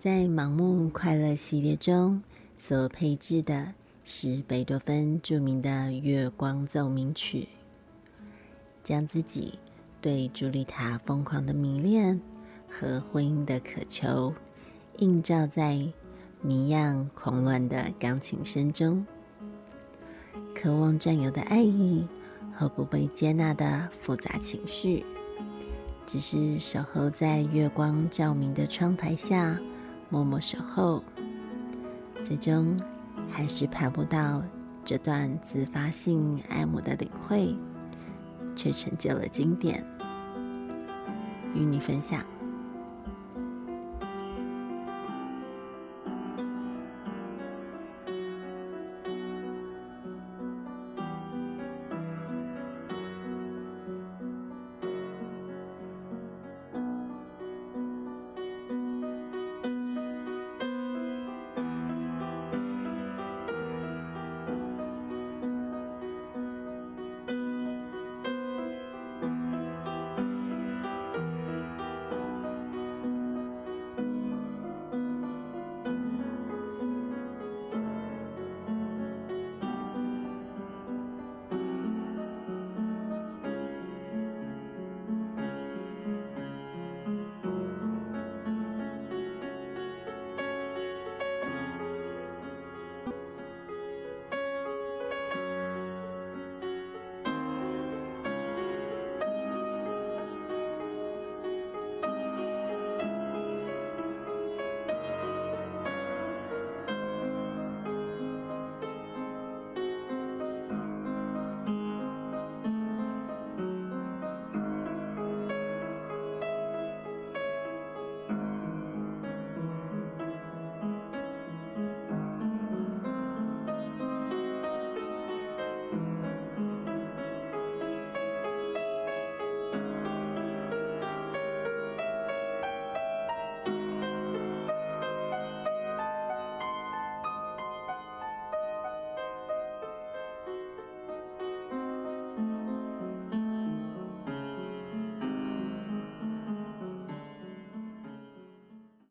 在盲目快樂系列中，所配置的是貝多芬著名的《月光奏鳴曲》，將自己對朱莉塔瘋狂的迷戀和婚姻的渴求，映照在謎樣狂亂的鋼琴聲中，渴望佔有的愛意和不被接納的複雜情緒，只是守候在月光照明的窗台下。默默守候，最終還是拍不到這段自發性愛慕的領會，卻成就了經典，與你分享。